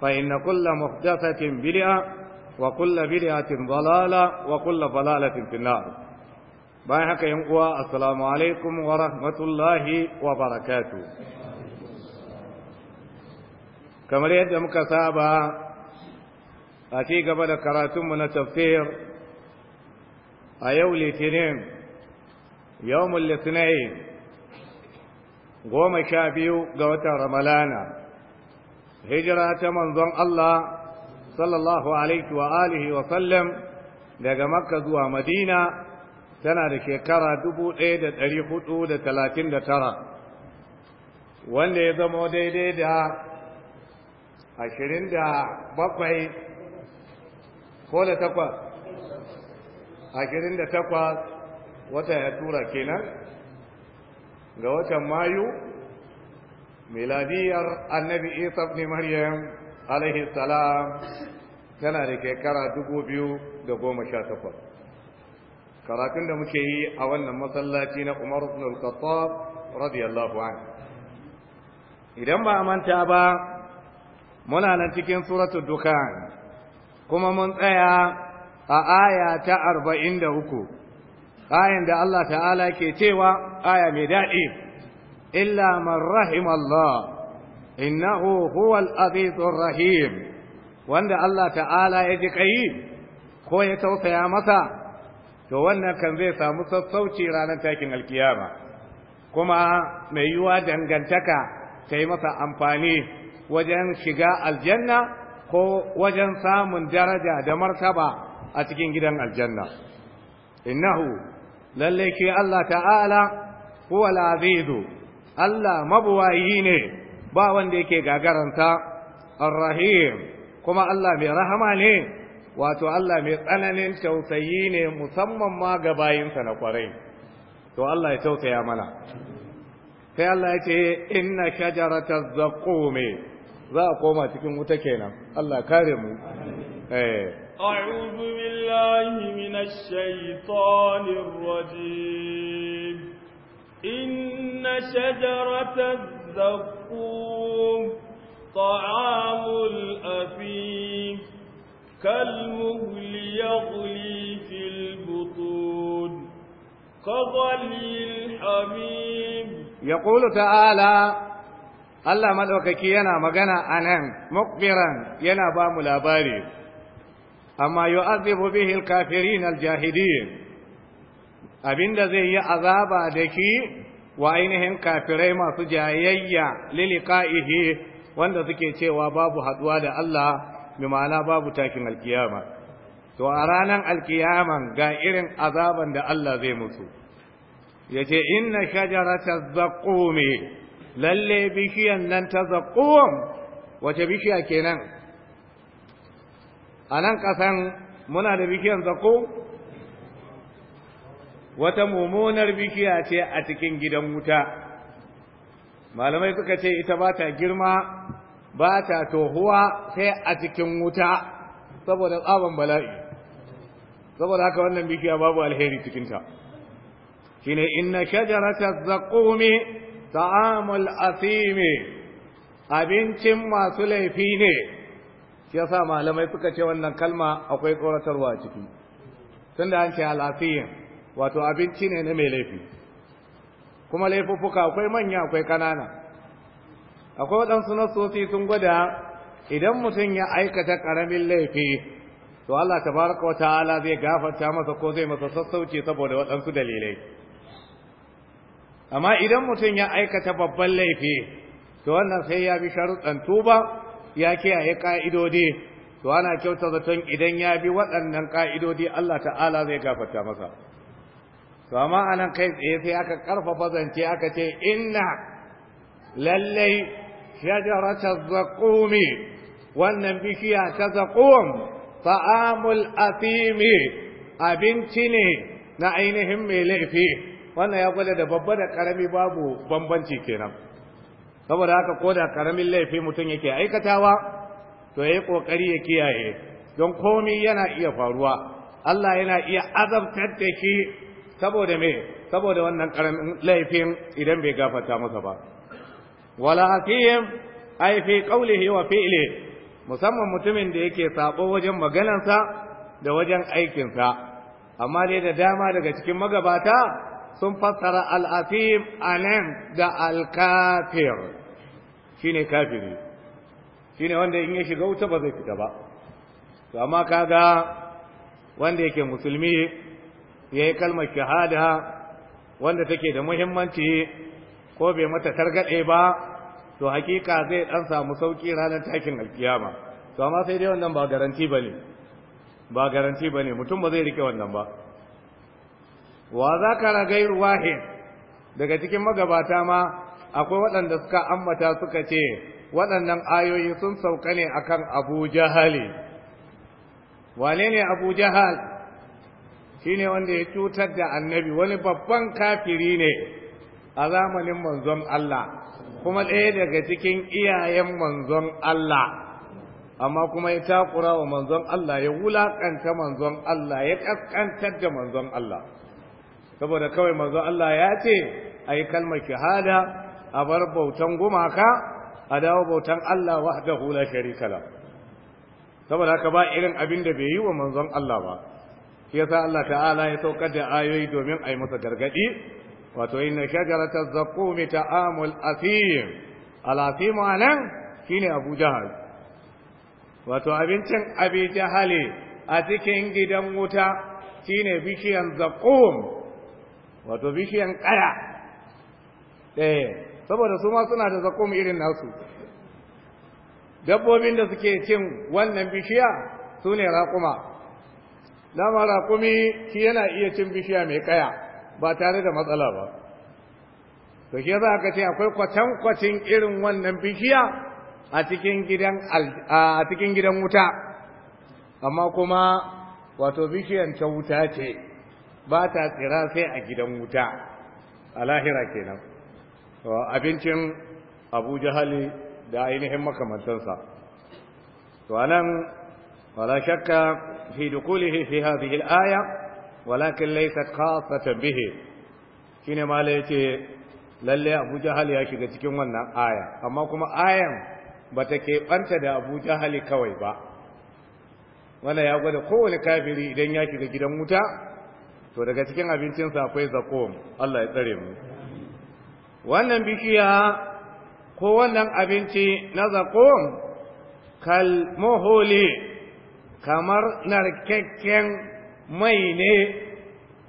فإن كل محدثة بدعة وكل بدعة ضلالة وكل ضلالة في النار بايحك ينقوى السلام عليكم ورحمة الله وبركاته كما يد مكسابة أتي قبل كراتم من التفسير أيو الاثنين يوم الاثنين goma sha biyu ga watan ramalana hijira ta manzon Allah sallallahu alaihi wa alihi wa sallam daga makka zuwa madina tana da shekara 1439 wanda ya zama daidai da 27 ko da takwas ashirin wata ya tura kenan ga watan mayu miladiyar annabi isa ne maryam alaihi salam tana da shekara dubu biyu da goma sha takwas karatun da muke yi a wannan masallaci na umar ibn al-khattab radiyallahu anhu idan ba manta ba muna nan cikin suratul dukan kuma mun tsaya a aya ta arba'in da uku kayan da Allah ta'ala ke cewa aya mai daɗi إلا من رحم الله إنه هو الأبيض الرحيم وأن الله تعالى يجقيه ko ya tausaya masa to wannan kan zai samu sassauci ranar takin alkiyama kuma mai yiwuwa dangantaka ta yi masa amfani wajen shiga aljanna ko wajen samun daraja da martaba a cikin gidan aljanna innahu lalle shi Allah ta'ala huwa azizu Allah mabuwayi ne ba wanda yake gagaranta arrahim kuma Allah mai rahama ne wato Allah mai tsananin tausayi ne musamman ma ga bayinsa na kwarai to Allah ya tausaya mana sai Allah ya ce inna shajarata zaqume za a koma cikin wuta kenan Allah kare mu eh أعوذ بالله من الشيطان الرجيم إن شجرة الزقوم طعام الأثيم كالمهل يغلي في البطون كظلي الحبيب يقول تعالى الله مدوكك ينا مغنى أنا مقبرا ينا بام لا باري أما يؤذب به الكافرين الجاهدين abinda zai yi azaba da ki wa ainihin kafirai masu jayayya liliqa'ihi wanda suke cewa babu haduwa da Allah bi ma'ana babu takin alkiyama to a ranan alkiyama ga irin azaban da Allah zai musu yace inna shajarata zaqumi lalle bishiyan nan ta zaqum wace bishiya kenan a nan kasan muna da bishiyan zaqum wata mummunar bikiya ce a cikin gidan wuta malamai suka ce ita ba ta girma ba ta tohuwa sai a cikin wuta saboda tsaban bala'i saboda haka wannan bikiya babu alheri cikinta shine inna shajarata zaqumi ta'amul asimi abincin masu laifi ne shi yasa malamai suka ce wannan kalma akwai tsoratarwa ciki tunda an ce al'asiyin wato abinci ne na mai laifi kuma laifuffuka akwai manya akwai kanana akwai waɗansu nasosi sun gwada idan mutum ya aikata ƙaramin laifi to Allah ta baraka wa ta'ala zai gafarta masa ko zai masa sassauci saboda waɗansu dalilai amma idan mutum ya aikata babban laifi to wannan sai ya bi sharuɗan tuba ya kiyaye ƙa'idodi to ana kyauta zaton idan ya bi waɗannan ƙa'idodi Allah ta'ala zai gafarta masa to amma anan kai tsaye sai aka karfafa zance aka ce inna lallai shajarata zaqumi wannan bishiya ta zaqum ta'amul athimi abinci ne na ainihin mai laifi wannan ya gwada da babba da karami babu bambanci kenan saboda haka ko da karamin laifi mutum yake aikatawa to yayi ƙoƙari ya kiyaye don komi yana iya faruwa Allah yana iya azabtar da shi. saboda me saboda wannan karamin laifin idan bai gafarta masa ba wala hakim ai fi qawlihi wa fi'li musamman mutumin da yake sabo wajen maganarsa da wajen aikinsa amma dai da dama daga cikin magabata sun fassara al afim anan da al-kafir shine kafiri shine wanda in ya shiga wuta ba zai fita ba to amma kaga wanda yake musulmi ya yi kalmar shahada wanda take da muhimmanci ko bai mata targaɗe ba to hakika zai ɗan samu sauƙi ranar takin alkiyama to amma sai dai wannan ba garanti ba ne ba garanti ba ne mutum ba zai rike wannan ba wa za ka wahid daga cikin magabata ma akwai waɗanda suka ambata suka ce waɗannan ayoyi sun sauka ne akan abu jahali wane ne abu jahal Shi ne wanda ya cutar da annabi wani babban kafiri ne a zamanin manzon Allah kuma ɗaya daga cikin iyayen manzon Allah amma kuma ya takura wa manzon Allah ya wulaƙanta manzon Allah ya ƙasƙantar da manzon Allah saboda kawai manzon Allah ya ce a yi kalmar shahada a bar bautan gumaka a dawo bautan Allah wa la hula la saboda haka ba irin abin da bai yi wa manzon Allah ba yasa Allah ta'ala ya saukar da ayoyi domin a yi masa gargadi wato inna shajarata zaqumi ta'amul asim al-asim anan shine Abu Jahal wato abincin Abi Jahali a cikin gidan wuta shine bishiyan zaqum wato bishiyan kaya eh saboda su ma suna da zaqum irin nasu dabbobin da suke cin wannan bishiya sune ne raƙuma dama raƙumi shi yana iya cin bishiya mai kaya ba tare da matsala ba to shi za ka ce akwai kwacen kwacin irin wannan bishiya a cikin gidan a cikin gidan wuta amma kuma wato bishiyan ta wuta ce ba ta tsira sai a gidan wuta a lahira kenan abincin abu jahali da ainihin makamantansa to anan ولا شك في دخوله في هذه الآية ولكن ليست خاصة به شنو ما ليتي للي أبو جهل يا شيخ cikin wannan aya amma kuma ayan bata keɓanta da Abuja hali kawai ba Wala ya gwada kowane kafiri idan ya shiga gidan wuta to daga cikin abincinsa akwai zakom Allah ya tsare mu wannan bishiya ko wannan abinci na zakom kal muhuli kamar narkakken mai ne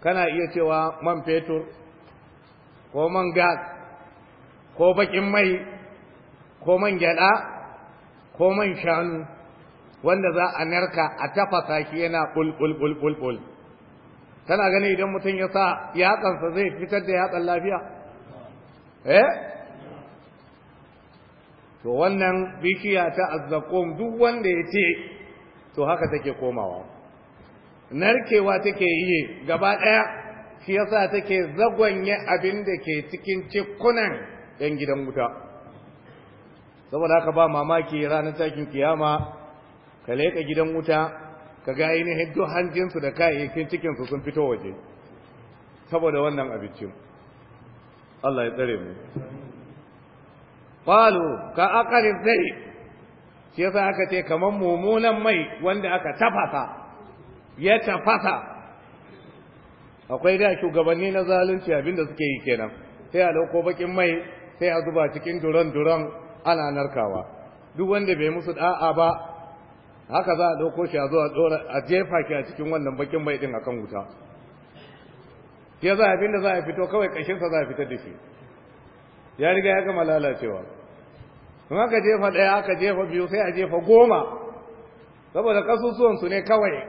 kana iya cewa man fetur ko man gas ko bakin mai ko man gyada ko man shanu wanda za a narka a tafasa shi yana bulbulbulbul kana gani idan mutum ya sa yatsansa zai fitar da yatsan lafiya eh to wannan bishiya ta azzakon duk wanda ya ce to haka take komawa narkewa take yi gaba ɗaya shi yasa take zagwanye abin da ke cikin cikunan yan gidan wuta saboda haka ba mamaki ranar takin kiyama ka leƙa gidan wuta ka ga ainihin duk hanjinsu da kayayyakin cikinsu sun fito waje saboda wannan abincin Allah ya tsare mu Falu ka aqari zai shi yasa aka ce kamar mummunan mai wanda aka tafasa ya tafasa akwai da shugabanni na zalunci abinda suke yi kenan sai a dauko bakin mai sai a zuba cikin duran-duran ana narkawa duk wanda bai musu da'a ba haka za a dauko shi a zo a jefa ki a cikin wannan bakin mai din akan wuta ya za abinda za a fito kawai kashinsa za a fitar da shi ya riga ya gama lalacewa kuma ka jefa ɗaya aka jefa biyu sai a jefa goma saboda ƙasusuwansu ne kawai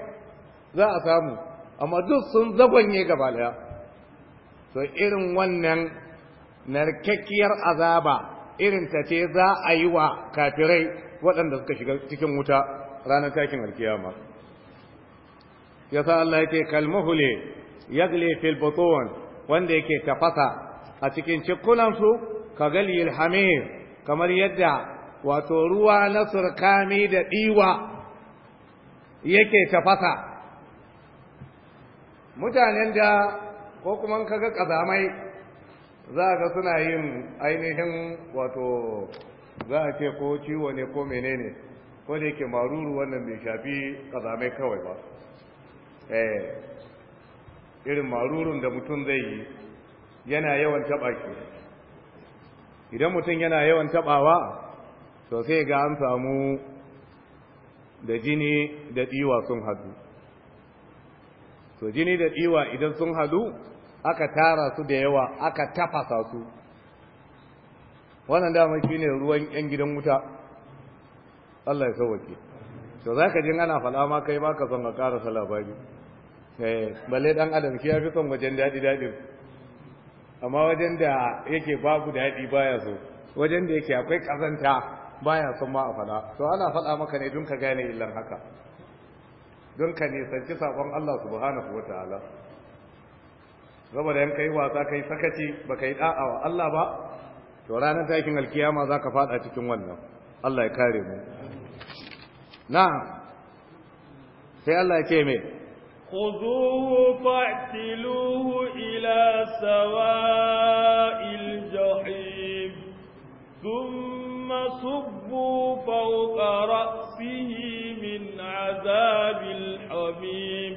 za a samu amma duk sun zagonye gaba ɗaya to irin wannan narkakkiyar azaba irin ta ce za a yi wa kafirai waɗanda suka shiga cikin wuta ranar takin alkiyama sa Allah yake kalmuhule yagle fil butun wanda yake tafasa a cikin cikunansu ka gali hamir kamar yadda wato ruwa na surkami da ɗiwa yake tafasa mutanen da ko kuma kaga ƙazamai za ga suna yin ainihin wato za a ce ko ciwo ne ko menene ko da yake maruru wannan bai shafi ƙazamai kawai ba eh irin marurun da mutum zai yi yana yawan taɓa idan mutum yana yawan taɓawa, sosai sai ga an samu da jini da diwa sun hadu to jini da diwa idan sun hadu aka tara su da yawa aka tafasa su wannan dama shine ruwan yan gidan wuta Allah ya sauke to za ka jin ana fada ma kai ba ka son ka karasa labari eh balle dan adam shi ya fi son wajen dadi daɗin amma wajen da yake babu daɗi baya so wajen da yake akwai ƙazanta baya son ma a faɗa to ana faɗa maka ne don ka gane illan haka don ka nisanci sabon Allah subhanahu wa ta'ala saboda yan kai wasa kai sakaci ba yi da'a wa Allah ba to ranar takin alkiyama za ka faɗa cikin wannan Allah ya kare mu na sai Allah ya ce mai خذوه فاعتلوه إلى سواء الجحيم ثم صبوا فوق رأسه من عذاب الحميم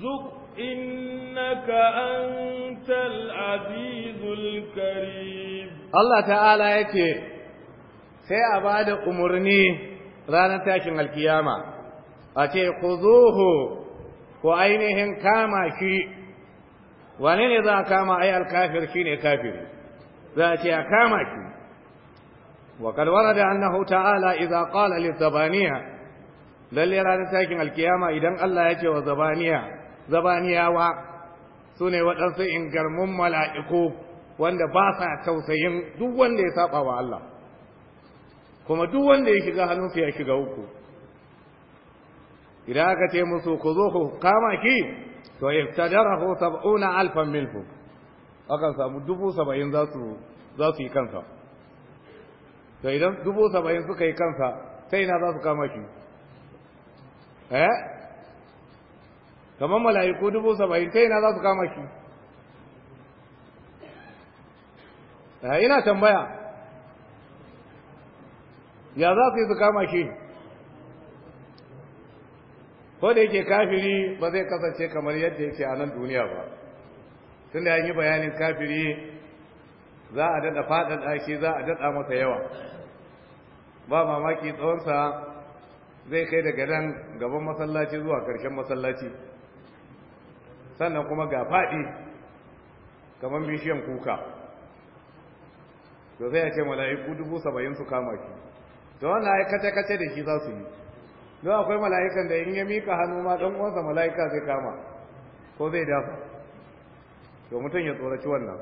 ذق إنك أنت العزيز الكريم الله تعالى يكي سيأبعد أمرني رانا تاكن القيامة أتي خذوه ko ainihin kama shi wane ne za a kama ai alkafir shi ne kafiri za a ce a kama shi وقد ورد أنه hauta إذا قال zabaniya, lalle ranar takin alkiyama idan Allah ya ce wa zabaniya zabaniyawa su ne waɗansu ingarmun mala'iku wanda ba sa tausayin duk wanda ya saba wa Allah kuma duk wanda ya shiga hannunsu ya shiga uku idan aka ce musu ku zo ku kama ki to iftadarahu sab'una alfan minhu akan samu dubu saba'in za su yi kansa to idan dubu saba'in suka yi kansa sai ina za su kama ki eh? kamar mala'iku dubu saba'in sai za su kama eh, ina tambaya ya za su yi su kama ko da yake kafiri ba zai kasance kamar yadda yake a nan duniya ba tun da yi bayanin kafiri za a daɗa faɗaɗa ɗashi, za a daɗa masa yawa ba mamaki tsawonsa zai kai daga nan gaban masallaci zuwa ƙarshen masallaci sannan kuma ga faɗi kamar bishiyan kuka to sai a ce mala'iku dubu saba'in su kama shi to wannan ai kace-kace da shi za su yi don akwai mala'ikan da in ya mika hannu ma dan uwansa mala'ika zai kama ko zai dafa to mutum ya tsoraci wannan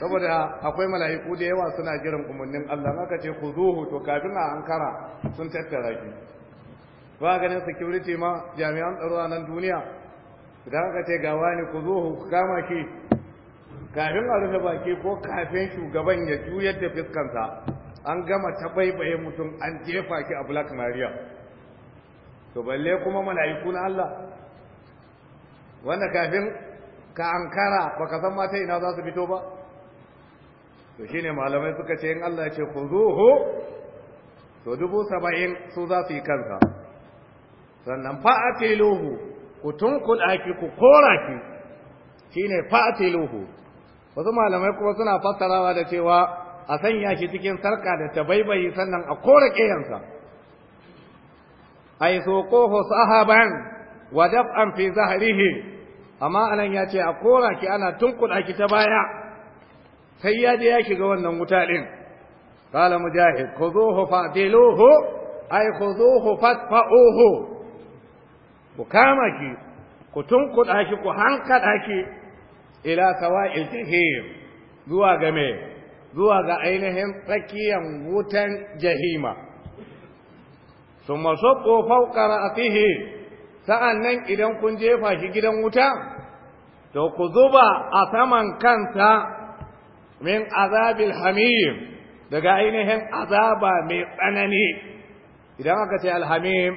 saboda akwai mala'iku da yawa suna jiran umarnin Allah maka ce ku zuhu to kafin a ankara sun tattara ki ba ganin security ma jami'an tsaro nan duniya idan aka ce ga wani ku zuhu ku kama shi. kafin a rufe baki ko kafin shugaban ya juyar da fiskansa an gama taɓaiɓaye mutum an jefa ki a black maria to balle kuma mala'iku na Allah wanda kafin ka ankara baka san mata ina za su fito ba to shine malamai suka ce in Allah ya ce khuzuhu to dubu saba'in su za su yi kansa sannan fa'atiluhu ku tunkuɗa ki ku kora ki shine fa'atiluhu wasu malamai kuma suna fassarawa da cewa a sanya shi cikin sarka da tabaibayi sannan a kora ƙeyansa ay suquhu sahaban wa daf'an fi zahrihi amma anan ya ce a kora ki ana tunkuɗa ki ta baya sai ya je ya shiga wannan wuta ɗin qala mujahid khuduhu fa'diluhu ay khuduhu fatfa'uhu ku kama ki ku tunkuɗa ki ku hankaɗa ki ila sawa'il jahim zuwa ga zuwa ga ainihin tsakiyan wutan jahima thumma sabbu fawqa sa'an nan idan kun jefa shi gidan wuta to ku zuba a saman kansa min azabil hamim daga ainihin azaba mai tsanani idan aka ce alhamim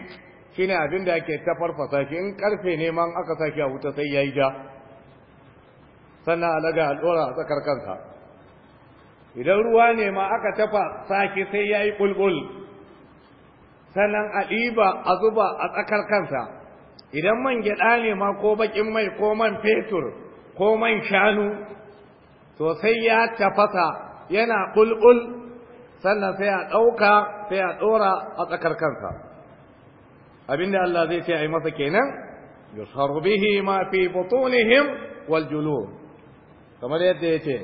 ne abin da ake ta farfasa in karfe neman aka saki a wuta sai yi ja sannan alaga al'ura a tsakar kansa idan ruwa ne ma aka tafa sake sai ya yi ƙulƙul sannan a ɗiba a zuba a tsakar kansa idan man gyaɗa ne ma ko baƙin mai ko man fetur ko man shanu to sai ya tafasa yana ƙulƙul sannan sai a ɗauka sai a ɗora a tsakar kansa Abin da Allah zai ce a yi masa kenan yusharu bihi ma fi butunihim wal kamar yadda yace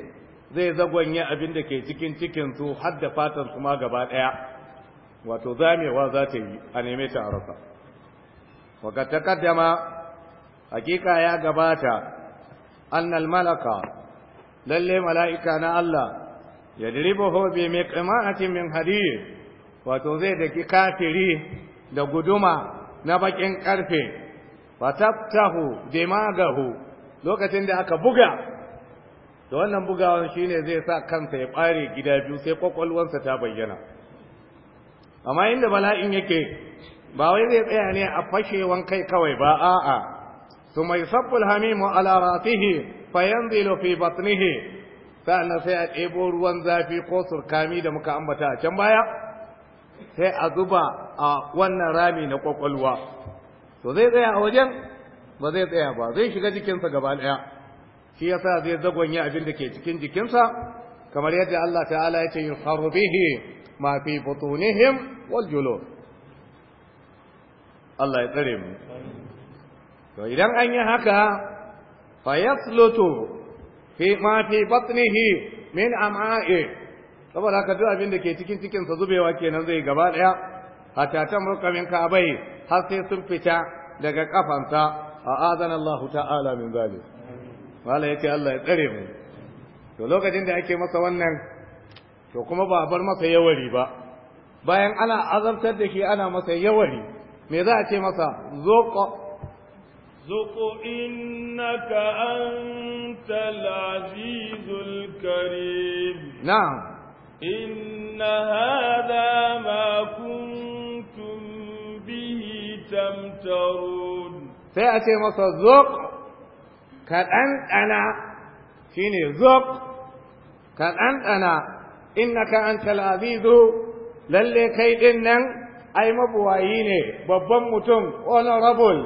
zai zagwanye abin da ke cikin cikin su har da fatan su ma gaba ɗaya. wato zamewa za ta yi a neme ta a rasa waka takaddama hakika ya gabata annal malaka lalle mala'ika na Allah ya mai bi a min hadid wato zai daki kafiri da guduma na bakin karfe ga hu. lokacin da aka buga da wannan bugawan shine zai sa kansa ya ɓare gida biyu sai kwakwalwansa ta bayyana amma inda bala'in yake ba wai zai tsaya ne a fashewan kai kawai ba a'a sabbul mai الحميم على راته فينزل في بطنه sa'annan sai a ɗebo ruwan zafi ko surkami da muka ambata a can baya sai a zuba a wannan rami na ƙwaƙwalwa to zai tsaya a wajen ba zai tsaya ba zai shiga jikinsa gaba ɗaya shi yasa zai zagonye abin da ke cikin jikinsa kamar yadda Allah ta'ala ya ce yusharu bihi ma fi butunihim wal julud Allah ya tsare mu to idan an yi haka fa yaslutu fi ma fi batnihi min am'a'i saboda haka duk abinda ke cikin cikinsa zubewa kenan zai gaba daya hatta tamruka min ka'bai har sai sun fita daga kafanta a azana Allah ta'ala min zalim wala yake Allah ya tsare mu to lokacin da ake masa wannan to kuma ba a bar masa yawari ba bayan ana azabtar da shi ana masa yawari me za a ce masa zoko zoko innaka antal azizul karim na'am inna hadha ma kuntum bihi tamtarun sai a ce masa zok ka shine zok ka ɗanɗana innaka antal azizu lalle kai din nan ai mabuwayi ne babban mutum honorable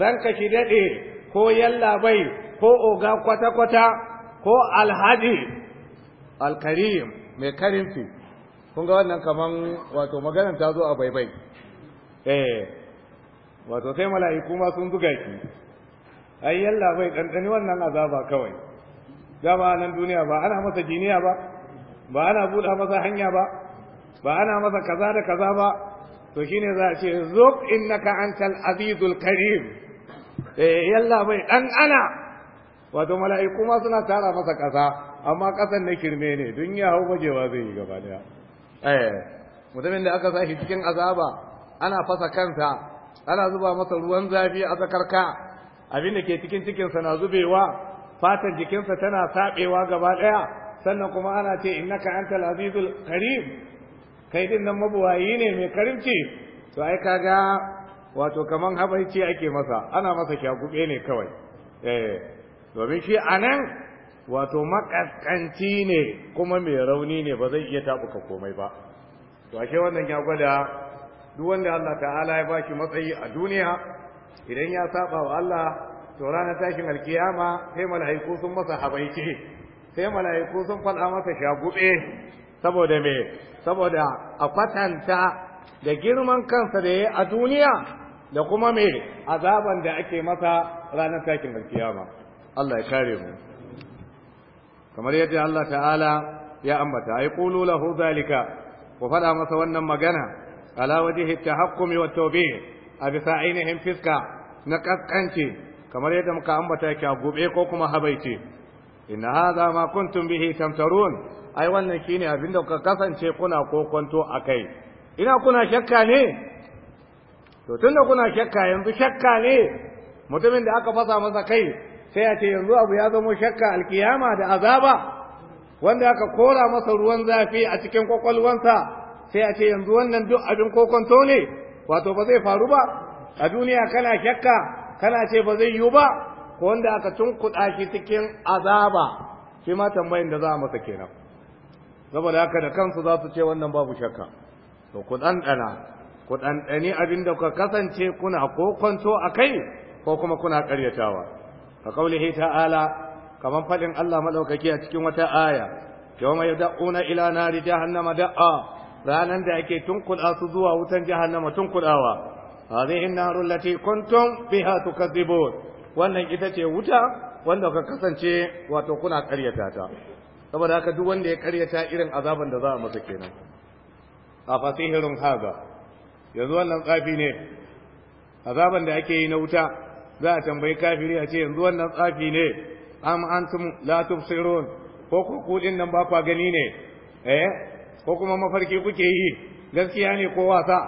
ranka ki dade ko yallabai ko oga kwata-kwata ko alhaji alkarim mai karimci kun ga wannan kaman wato maganar ta zo a baibai eh wato sai mala'iku ma sun buga ki ai yalla bai dandani wannan azaba kawai dama nan duniya ba ana masa jiniya ba ba ana buɗa masa hanya ba ba ana masa kaza da kaza ba to shine za a ce zuk innaka antal azizul karim eh yalla mai dan ana wato mala'iku ma suna tara masa kasa amma kasan na kirme ne dun ya hau bajewa zai yi gaba daya eh mutumin da aka sashi cikin azaba ana fasa kansa ana zuba masa ruwan zafi a zakarka abin da ke cikin cikinsa na zubewa fatar jikinsa tana saɓewa gaba ɗaya sannan kuma ana ce innaka antal azizul karim kai din nan mabuwayi ne mai karimci to ai kaga wato kaman habaici ake masa ana masa kyakube ne kawai eh domin shi anan wato makaskanci ne kuma mai rauni ne ba zai iya tabuka komai ba to ashe wannan ya gwada duk wanda Allah ta'ala ya baki matsayi a duniya idan ya saba wa Allah to ranar tashin alkiyama sai mala'iku sun masa habaici sai mala'iku sun faɗa masa shagube saboda me saboda a kwatanta da girman kansa da ya a duniya da kuma me azaban da ake masa ranar takin alkiyama Allah ya kare mu kamar yadda Allah ta'ala ya ambata ai qulu lahu zalika ku faɗa masa wannan magana ala wajhi tahakkumi wa tawbih a bisa ainihin fiska na kaskanci kamar yadda muka ambata ki a gobe ko kuma habaice inna hadha ma kuntum bihi tamtarun ai wannan shine abinda kuka kasance kuna kokonto akai ina kuna shakka ne to tunda kuna shakka yanzu shakka ne mutumin da aka fasa masa kai sai ya ce yanzu abu ya zama shakka alkiyama da azaba wanda aka kora masa ruwan zafi a cikin kwakwalwansa sai ya ce yanzu wannan duk abin kokonto ne wato ba zai faru ba a duniya kana shakka kana ce ba zai yiwu ba ko wanda aka tunkuɗa shi cikin azaba shi ma tambayin da za a masa kenan saboda haka da kansu za su ce wannan babu shakka to ku ɗanɗana ku ɗanɗani abin da ku kasance kuna ko kwanto a kai ko kuma kuna ƙaryatawa ka kaulihi ta'ala kamar faɗin Allah maɗaukaki a cikin wata aya yawma yad'una ila nari jahannama da'a ranan da ake tunkuɗa su zuwa wutan jahannama tunkuɗawa hadhihi an-naru allati kuntum biha wannan ita ce wuta wanda ka kasance wato kuna karyata ta saboda haka duk wanda ya karyata irin azaban da za a masa kenan a fasihirun haza yanzu wannan tsafi ne azaban da ake yi na wuta za a tambayi kafiri a ce yanzu wannan tsafi ne am antum la tubsirun ko ku kudin nan ba kwa gani ne eh ko kuma mafarki kuke yi gaskiya ne ko wasa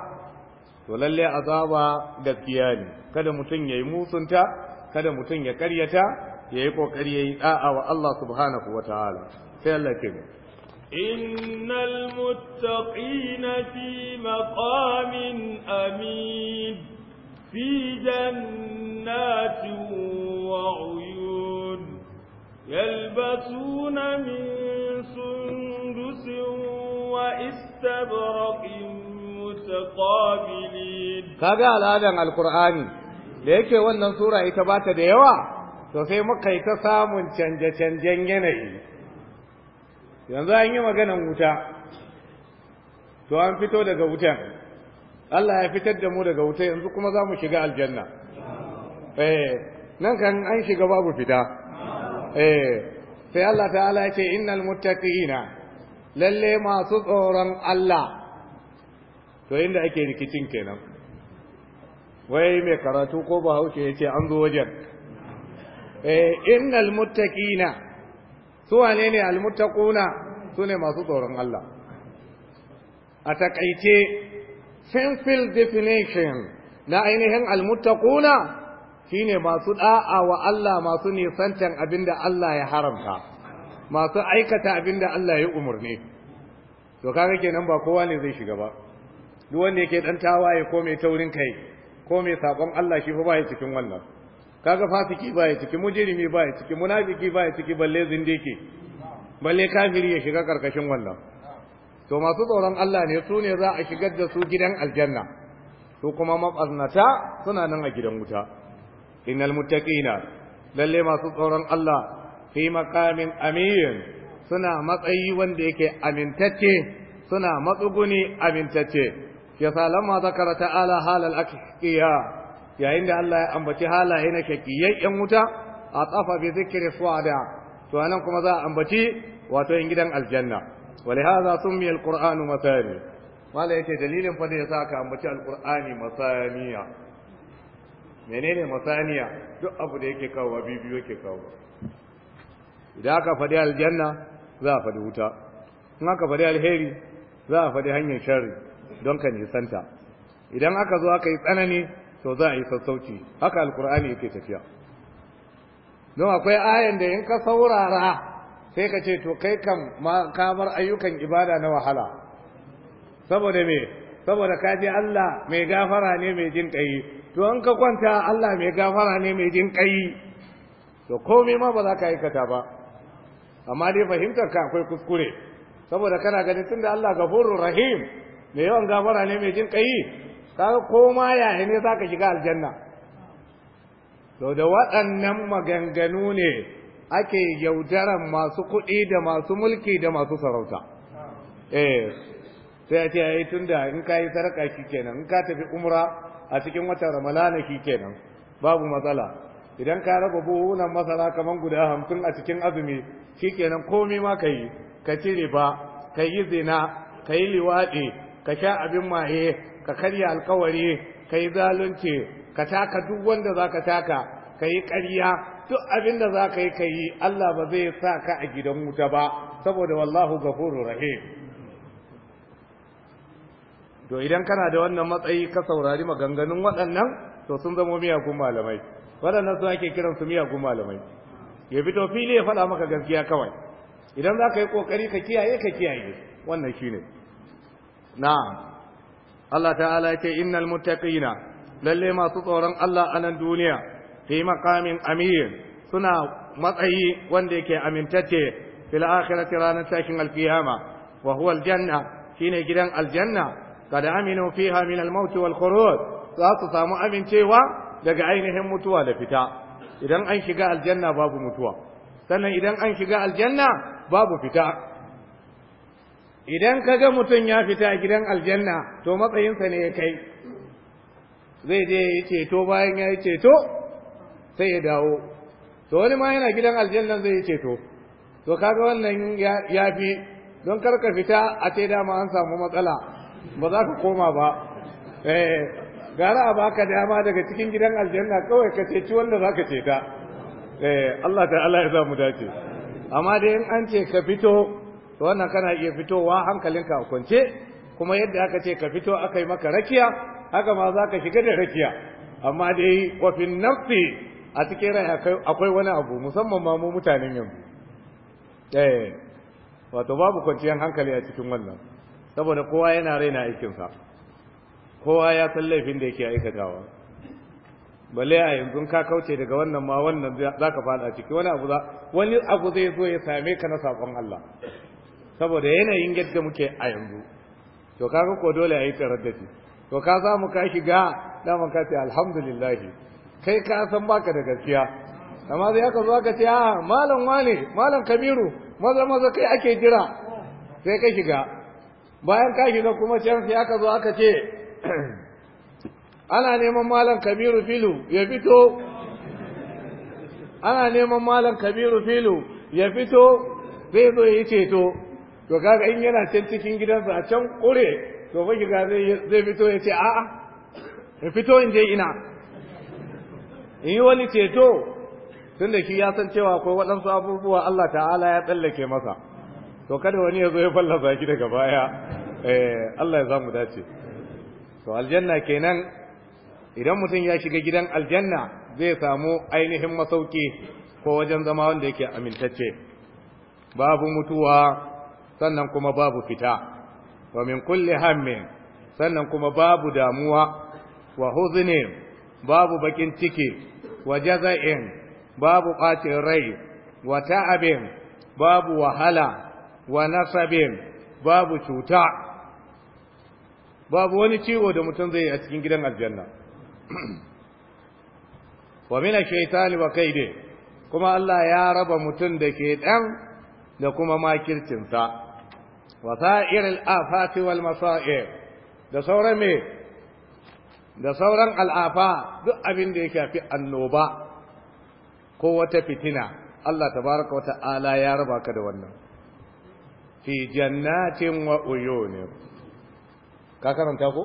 to lalle azaba gaskiya ne kada mutum yayi musunta kada mutum ya karyata ya yi ƙoƙari ya yi da'a wa Allah subhanahu wa ta'ala sai Allah ke innal muttaqina fi maqamin amin fi jannatin wa uyun yalbasuna min sundusin wa istabraqin mutaqabilin kaga al'adan alqur'ani da yake wannan sura ita ba ta da yawa to sai muka yi ta samun canje-canjen yanayi yanzu an yi maganan wuta to an fito daga wutan Allah ya fitar da mu daga wuta yanzu kuma za mu shiga aljanna eh nan kan an shiga babu fita eh sai Allah ta'ala ya ce innal muttaqina lalle masu tsoron Allah to inda ake rikicin kenan wai mai karatu ko ba bahaushe ya ce an zo wajen eh, innal muttaqina su wane ne almuttaquna su ne masu tsoron Allah a takaice simple definition na ainihin almuttaquna shine masu da'a wa Allah masu nisantan abinda Allah ya haramta masu aikata abinda Allah ya umurne to kaga kenan ba kowa ne zai shiga ba duk wanda yake dan tawaye ko mai taurin kai ko mai sabon Allah shi fa ya cikin wannan kaga fasiki baya ciki mujrimi ya ciki munafiki ya ciki balle zindiki balle kafiri ya shiga karkashin wannan to masu tsoron Allah ne su ne za a shigar da su gidan aljanna su kuma mabarnata suna nan a gidan wuta innal muttaqina lalle masu tsoron Allah fi maqamin amin suna matsayi wanda yake amintacce suna matsuguni amintacce yasa lamma zakara ta'ala halal aqiya yayin da Allah ya ambaci halaye na shakiyayyen wuta a tsafa bi zikri suada to anan kuma za a ambaci wato yin gidan aljanna walihaza summi alquran masani wala yake dalilin fa da yasa ka ambaci alqur'ani masaniya menene masaniya duk abu da yake kawo bibiyo yake kawo idan ka faɗi aljanna za a faɗi wuta in aka faɗi alheri za a faɗi hanyar sharri don ka nisanta idan aka zo aka yi tsanani to za a yi sassauci haka alkur'ani yake tafiya don akwai ayan da in ka saurara sai ka ce to kai kan kamar ayyukan ibada na wahala saboda me saboda ka ji Allah mai gafara ne mai jin kai to an ka kwanta Allah mai gafara ne mai jin kai to komai ma ba za ka aikata ba amma dai fahimtar ka akwai kuskure saboda kana ganin da Allah gafurur rahim Me yawan gafara ne mai jin kai kaga ko ma yaya ne zaka shiga aljanna to da waɗannan maganganu ne ake yaudaran masu kuɗi da masu mulki da masu sarauta eh sai a ce yi tun da in ka yi sarƙa shi kenan in ka tafi umra a cikin watan ramalana kenan babu matsala idan ka raba buhunan masara kamar guda hamsin a cikin azumi shikenan komi ma ka yi ka ci riba ka yi zina ka yi liwaɗi ka sha abin maye ka karya alkawari ka yi zalunci ka taka duk wanda za ka taka ka yi ƙarya duk abin da za ka yi ka yi Allah ba zai sa ka a gidan wuta ba saboda wallahu gafuru rahim to idan kana da wannan matsayi ka saurari maganganun waɗannan to sun zama miyagun malamai waɗannan su ake kiransu miyagun malamai ya fito fili ya faɗa maka gaskiya kawai idan za ka yi ƙoƙari ka kiyaye ka kiyaye wannan shine ne na'am Allah ta'ala ya ce innal muttaqina lalle masu tsoron Allah a nan duniya fi makamin amir suna matsayi wanda yake amintacce fil akhirati ranar tashin alfiyama. wa huwa aljanna shine gidan aljanna kada aminu fi min almaut wal khuruj za su samu amincewa daga ainihin mutuwa da fita idan an shiga aljanna babu mutuwa sannan idan an shiga aljanna babu fita idan ka ga mutum ya fita gidan aljanna to matsayinsa ne ya kai zai je ya ceto bayan ya yi ceto sai ya dawo to wani ma yana gidan aljanna zai yi ceto to kaga wannan ya fi don karka fita a ce dama an samu matsala ba za ka koma ba eh, gara a baka dama daga cikin gidan aljanna kawai ka ceci wanda za ka ceta eh, Allah ta'ala ya za mu dace amma dai in an ce ka fito to wannan kana iya fitowa hankalinka a kwance kuma yadda aka ce ka fito aka yi maka rakiya haka ma za ka shiga da rakiya amma dai kwafin nafsi a cikin rai akwai wani abu musamman ma mu mutanen yanzu eh wato babu kwanciyar hankali a cikin wannan saboda kowa yana raina aikinsa kowa ya san laifin da yake aikatawa balle a yanzu ka kauce daga wannan ma wannan za ka fada ciki wani abu wani abu zai zo ya same ka na sakon Allah saboda yanayin yadda muke a yanzu to kaga ko dole ayi taraddadi to ka mu ka shiga daman ka ce alhamdulillah kai ka san baka da gaskiya amma sai aka zo aka ce a ah, malam wane malam kabiru maza maza kai ake jira sai ka shiga bayan ka shiga kuma can sai aka zo aka ce ana neman malam kabiru filu ya fito ana neman malam kabiru filu ya fito zai zo ya yi ceto to kaga in yana can cikin gidansa a can kure to ba ga zai fito ya ce a'a ya fito in je ina in yi wani ceto tun da shi ya san cewa akwai waɗansu abubuwa Allah ta'ala ya tsallake masa to kada wani ya zo ya fallasa ki daga baya eh, Allah ya zamu dace to aljanna kenan idan mutum ya shiga gidan aljanna zai samu ainihin masauki ko wajen zama wanda yake amintacce babu mutuwa sannan kuma babu fita wa min kulli hammin sannan kuma babu damuwa wa huzni babu bakin ciki wa jaza'in babu qatin rai wa ta'abin babu wahala wa nasabin babu cuta babu wani ciwo da mutum zai a cikin gidan aljanna wa mina ash wa kaide kuma Allah ya raba mutum da ke dan da kuma makircinsa wa sa'iril afati wal masa'ir da sauran me da sauran al'afa duk abin da yake fi annoba ko wata fitina Allah tabaraka wa ta'ala ya raba ka da wannan fi jannatin wa uyunin ka karanta ko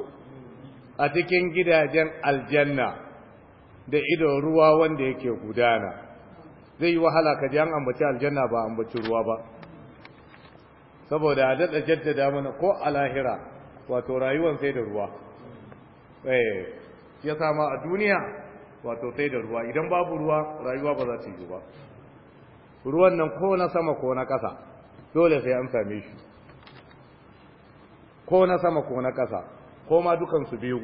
a cikin gidajen aljanna da ido ruwa wanda yake gudana zai yi wahala ka ji an ambaci aljanna ba ambaci ruwa ba saboda a daɗa jaddada mana ko a lahira wato rayuwan sai da ruwa eh, ya sama a duniya wato sai da ruwa idan babu ruwa rayuwa ba za ta yi ba ruwan nan ko na sama ko na ƙasa dole sai an same shi ko na sama ko na ƙasa ko ma dukansu biyu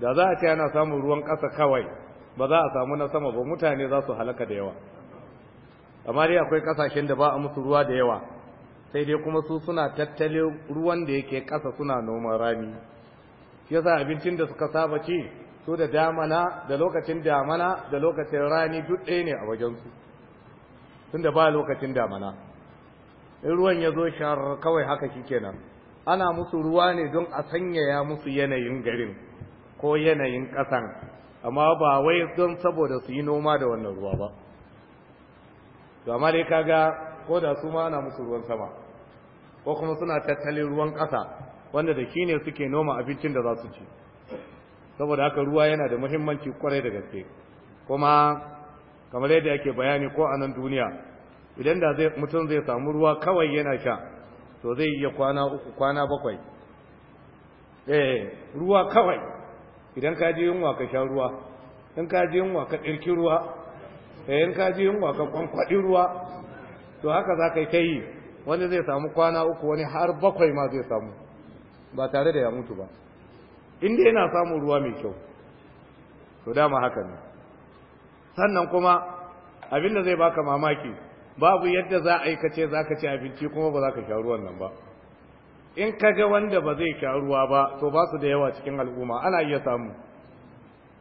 da za a ce ana samun ruwan ƙasa kawai ba za a samu na sama ba mutane za su halaka da yawa amma dai akwai ƙasashen da ba a musu ruwa da yawa sai dai kuma su suna tattale ruwan da yake ƙasa suna noman rani shi yasa abincin da suka saba ci su da damana da lokacin damana da lokacin rani duk ɗaya ne a wajensu tunda ba lokacin damana in ruwan ya zo shar kawai haka shikenan ana musu ruwa ne don a sanyaya musu yanayin garin ko yanayin ƙasan amma ba wai don saboda su yi noma da wannan ruwa ba to amma dai kaga ko da su ma ana musu ruwan sama ko kuma suna tattalin ruwan ƙasa wanda da shi ne suke noma abincin da za su ci saboda haka ruwa yana da muhimmanci kwarai da gaske kuma kamar yadda yake bayani ko a nan duniya idan da zai mutum zai samu ruwa kawai yana sha to zai iya kwana uku kwana bakwai eh ruwa kawai idan ka ji yunwa ka sha ruwa in ka ji yunwa ka ɗirki ruwa eh in ka ji yunwa ka kwankwaɗi ruwa to haka za ka yi ta yi wani zai samu kwana uku wani har bakwai ma zai samu ba tare da ya mutu ba inda yana samun ruwa mai kyau to dama haka ne sannan kuma abin da zai baka mamaki babu yadda za a yi kace za ka ci abinci kuma ba za ka sha ruwan nan ba in ka ga wanda ba zai sha ruwa ba to ba su da yawa cikin al'umma ana iya samu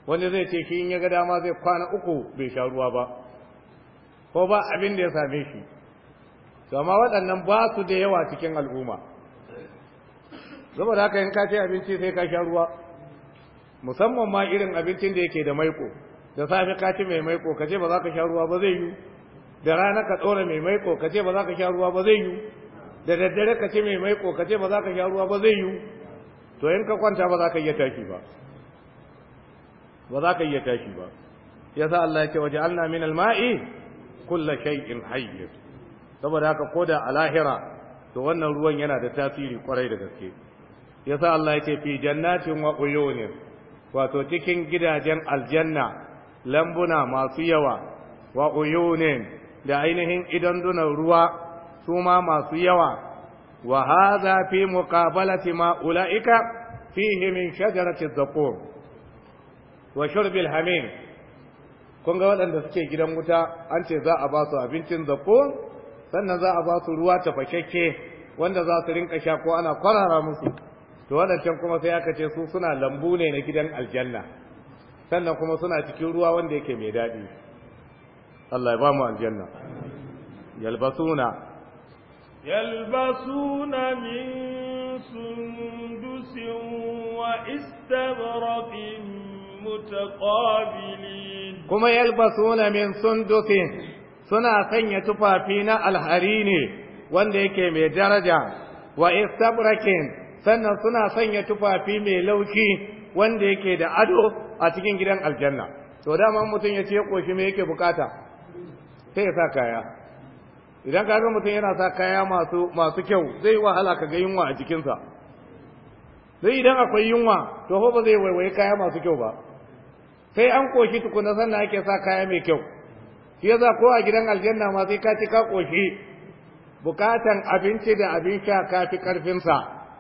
wani zai ce shi in ya ga dama zai kwana uku bai sha ruwa ba ko ba abin da ya same shi to amma waɗannan ba su da yawa cikin al'umma saboda haka yin kashe abinci sai ka sha ruwa musamman ma irin abincin da yake da maiko da safe ka ci mai maiko ka ce ba za ka sha ruwa ba zai yi da rana ka tsora mai maiko ka ce ba za ka sha ruwa ba zai yi da daddare ka ce mai maiko ka ce ba za ka sha ruwa ba zai yi to in ka kwanta ba za ka iya tashi ba ba za ka iya tashi ba yasa Allah ya ce waje alna min alma'i kullu shay'in hayy saboda haka ko da lahira to wannan ruwan yana da tasiri kwarai da gaske yasa Allah yake fi jannatin wa uyunin wato cikin gidajen aljanna lambuna masu yawa wa uyunin da ainihin idan duna ruwa su ma masu yawa wa hadha fi muqabalati ma ulaika fihi min shajarati zaqum wa shurbil hamim kun ga waɗanda suke gidan wuta an ce za a ba su abincin zaqum sannan za a ba su ruwa tafakekke wanda za su rinka sha ko ana kwarara musu to wadancan kuma sai aka ce su suna lambu ne na gidan aljanna sannan kuma suna cikin ruwa wanda yake mai daɗi Allah ya ba mu aljanna yalbasuna yalbasuna min sundusin wa istabrakin mutaqabilin kuma yalbasuna min sundusin suna sanya tufafi na alhari ne wanda yake mai daraja wa istabrakin sannan suna sanya tufafi mai lauki wanda yake da ado a cikin gidan aljanna to dama mutum ya ce ya koshi me yake bukata sai ya sa kaya idan kaga mutum yana sa kaya masu kyau zai wahala ka ga yunwa a jikinsa sai idan akwai yunwa to ba zai waiwaye kaya masu kyau ba sai an koshi tukuna sannan ake sa kaya mai kyau shi yasa ko a gidan aljanna ma sai ka ci koshi bukatan abinci da abin sha ka fi karfinsa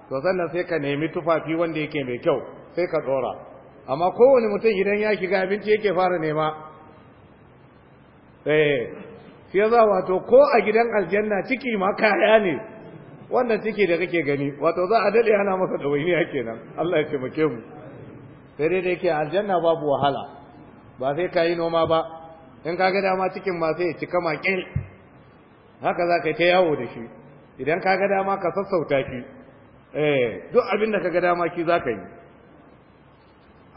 to sannan sai ka nemi tufafi wanda yake mai kyau sai ka dora amma kowane mutum idan ya shiga abinci yake fara nema eh shi yasa wato ko a gidan aljanna ciki ma kaya ne wannan ciki da kake gani wato za a dade ana masa dawainiya kenan Allah ya taimake mu sai dai da yake aljanna babu wahala ba sai ka yi noma ba in kaga dama cikin ma sai ya cika makil haka za ka yi ta yawo da shi idan kaga dama ka sassauta shi eh duk abin da ka kaga dama shi za ka yi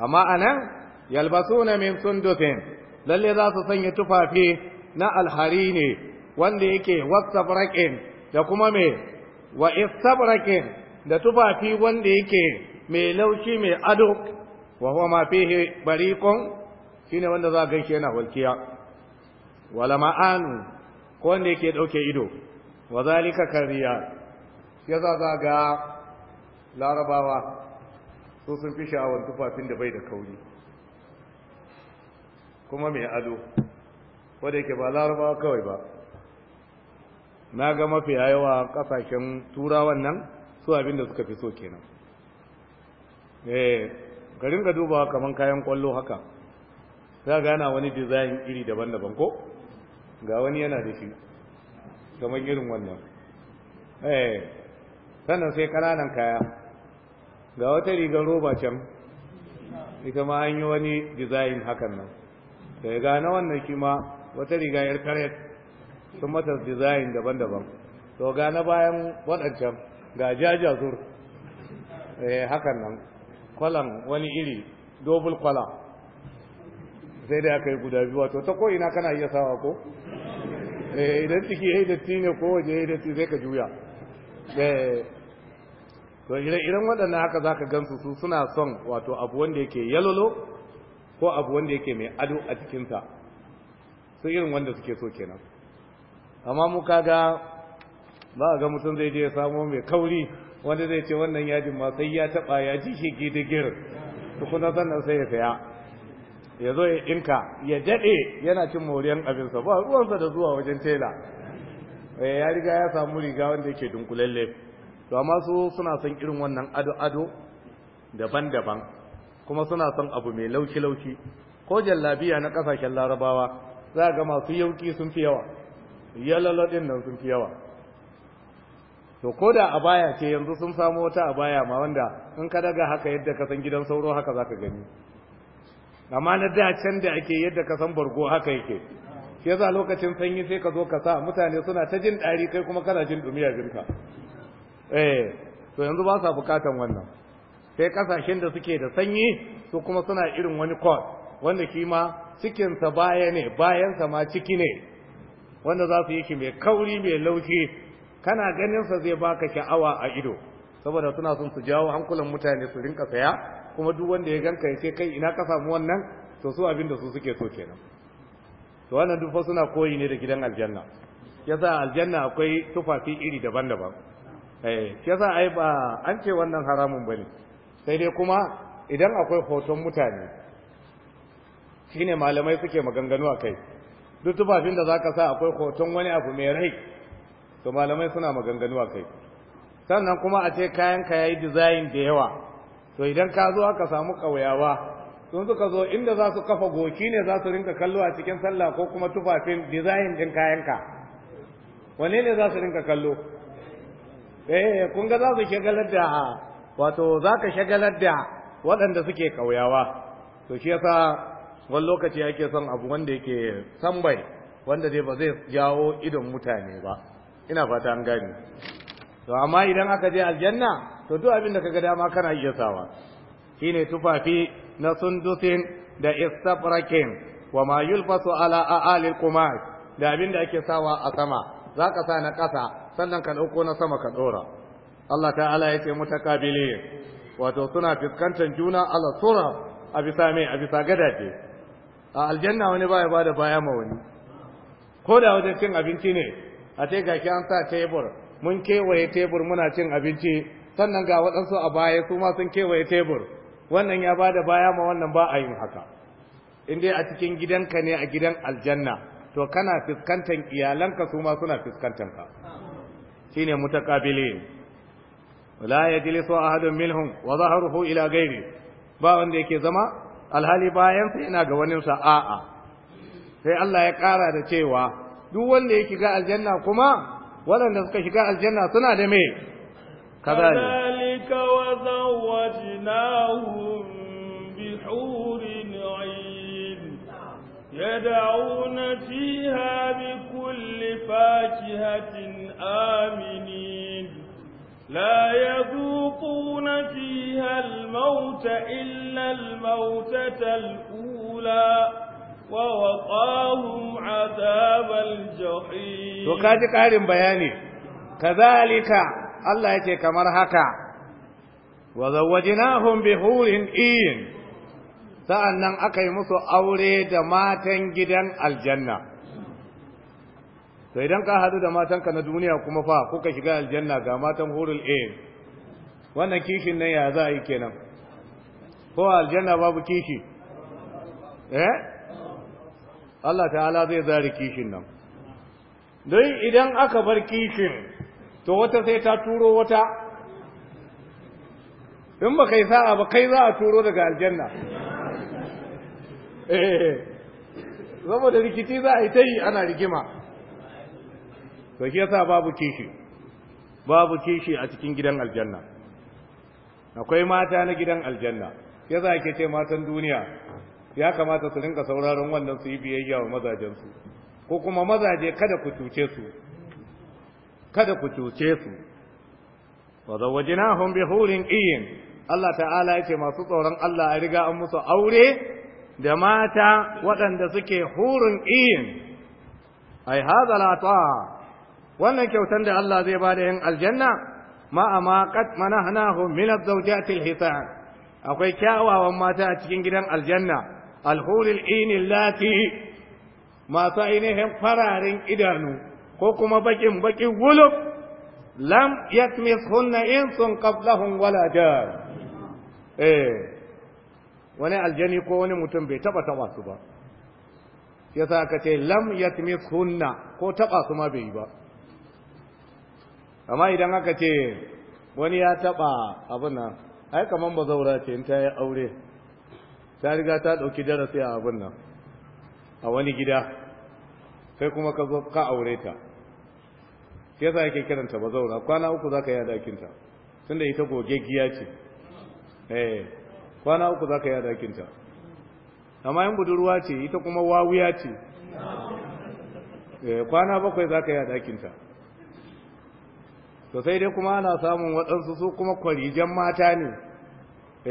amma anan yalbasuna min sundusin lalle za su sanya tufafi na alhari ne wanda yake wasabrakin da kuma me wa istabrakin da tufafi wanda yake mai laushi mai ado wa huwa ma fihi bariqun shine wanda za ga shi yana walkiya wala ma'anu ko wanda yake dauke ido wa zalika kariya ya za ga larabawa su sun fi sha'awar tufafin da bai da kauri kuma mai ado wadda yake ba larabawa kawai ba na ga mafi yawa kasashen turawan nan su abin da suka fi so kenan eh garin ga dubawa kamar kayan kwallo haka za gana wani design iri daban-daban ko ga wani yana da shi kamar irin wannan eh sannan sai kananan kaya ga wata rigar roba can ita ma an yi wani design hakan nan sai eh, ga na wannan shi ma wata riga yar karet sun mata design daban-daban to ga na bayan waɗancan ga jajazur eh hakan nan kwalan wani iri double kwalan sai da aka yi guda biyu wato ta ko ina kana iya sawa ko eh idan ciki ya yi datti ne ko waje ya yi datti zai ka juya eh, to idan waɗannan haka za ka gansu su suna son wato abu wanda yake yalolo ko abu wanda yake mai ado a cikinsa su irin wanda suke so kenan amma mu kaga ba a ga mutum zai je ya samo mai kauri wanda zai ce wannan yajin ma sai ya taɓa ya ji shi gidigir tukuna sannan sai ya saya ya zo ya ɗinka ya daɗe yana cin moriyan sa ba ruwansa da zuwa wajen tela eh, ya riga ya samu riga wanda yake dunkulalle to amma su suna son irin wannan ado-ado daban-daban kuma suna son abu mai lauki-lauki ko jallabiya na ƙasashen larabawa za ga masu yauki sun fi yawa yalaladin nan sun fi yawa to ko da abaya ce yanzu sun samu wata abaya ma wanda in ka daga haka yadda ka san gidan sauro haka za ka gani amma na da can da ake yadda ka san bargo haka yake shi yasa lokacin sanyi sai ka zo ka sa mutane suna ta jin ɗari kai kuma kana jin dumiya jinka eh to yanzu ba sa bukatan wannan sai kasashen da suke da sanyi su kuma suna irin wani kwa wanda shi ma cikinsa baya ne bayansa ma ciki ne wanda za su yi shi mai kauri mai laushi kana ganinsa zai baka sha'awa a ido saboda suna son su jawo hankulan mutane su rinka saya kuma duk wanda ya ganka ya ce kai ina ka samu wannan to su abin da su suke so kenan to wannan duk fa suna koyi ne da gidan aljanna yasa aljanna akwai tufafi iri daban-daban eh yasa ai ba an ce wannan haramun bane sai dai kuma idan akwai hoton mutane shine malamai suke maganganu akai duk tufafin da zaka sa akwai hoton wani abu mai rai to malamai suna maganganu akai sannan kuma a ce kayan ka yayi design da yawa to idan ka zo aka samu ƙauyawa sun suka zo inda za su kafa goki ne za su rinka kallo a cikin sallah ko kuma tufafin dizayin ɗin kayanka wane ne za su rinka kallo eh kun ga za su shagalar da wato za ka shagalar da waɗanda suke ƙauyawa to shi yasa wani lokaci ake son abu wanda yake sambai wanda dai ba zai jawo idon mutane ba ina fata an gane to amma idan aka je aljanna to duk abin da kaga dama kana iya sawa shine tufafi na sundusin da istafrakin wa ma yulfasu ala aali qumash da abin da ake sawa a sama zaka sa na kasa sannan ka dauko na sama ka dora Allah ta'ala yace mutakabilin wato suna fiskantar juna ala sura a bisa mai a bisa gadaje a aljanna wani baya bada baya ma wani ko da wajen cin abinci ne a ce gaki an sa tebur mun kewaye tebur muna cin abinci sannan ga waɗansu a baya su ma sun kewaye tebur wannan ya ba da baya ma wannan ba a yin haka in dai a cikin gidanka ne a gidan aljanna to kana fuskantar iyalanka su ma suna fuskantar ka shine mutakabili la yajlisu ahadun minhum wa zahruhu ila ghairi ba wanda yake zama alhali bayan sai ina ga wani sa sai Allah ya kara da cewa duk wanda yake ga aljanna kuma waɗanda suka shiga aljanna suna da me kazalika wa zawwajnahum bi hurin ayn yad'una fiha bi kulli fakihatin aminin لا يذوقون فيها الموت إلا الموتة الأولى ووقاهم عذاب الجحيم تو كاجي قارين بياني كذلك الله يتي كمر هكا وزوجناهم بحور إين sa'annan aka yi musu aure da matan gidan aljanna to idan ka hadu da matanka na duniya kuma fa kuka shiga aljanna ga matan hurul ain wannan kishin nan ya za a yi kenan ko aljanna babu kishi eh Allah ta'ala zai zari kishin nan don idan aka bar kishin to wata sai ta turo wata in ba kai sa'a ba kai za a turo daga aljanna eh, eh, eh saboda rikici za a yi ta yi ana rigima to shi yasa babu kishi babu kishi a cikin gidan aljanna akwai mata na gidan aljanna yasa ake ce matan duniya ya kamata su rinka sauraron wannan su yi biyayya wa mazajensu ko kuma mazaje kada ku cuce su kada ku cuce su wa zawajnahum bi hurin iyin Allah ta'ala yace masu tsoron Allah a riga an musu aure da mata waɗanda suke hurin iyin ai hadha la wannan kyautar da Allah zai bada yin aljanna ma amma qad manahnahum min az-zawjati al-hisan akwai kyawawan mata a cikin gidan aljanna alhulil ini lati masu ainihin fararen idanu ko kuma bakin bakin wulub lam yatmishunna insun qablahum wala jar eh wani aljani ko wani mutum bai taba taba su ba yasa aka ce lam hunna ko taba su ma bai yi ba amma idan aka ce wani ya taba abin nan ai kaman bazaura ce in ta yi aure ta riga ta ɗauki darasi a abin nan a wani gida kai kuma ka zo ka aure ta sai sa yake kiranta ba zauna kwana uku za ka yi a dakinta tun da ita giya ce eh kwana uku za ka yi a dakinta amma yin budurwa ce ita kuma wawuya ce eh, kwana bakwai za ka yi a dakinta to sai dai kuma ana samun waɗansu su kuma kwarijan mata ne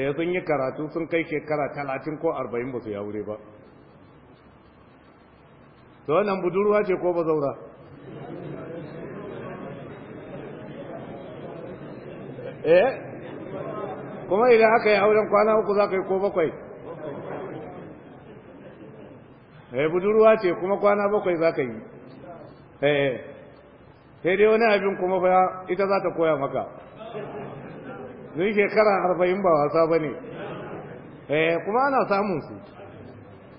da sun yi karatu sun kai shekara talatin ko arba'in ba su ya wure ba da wannan budurwa ce ko ba zaura eh kuma idan aka yi auren kwana uku za ka yi ko bakwai eh budurwa ce kuma kwana bakwai za ka yi eh, eh. sai dai wani abin kuma fa ita za ta koya maka don shekara arba'in ba wasa ba ne eh, kuma ana samun su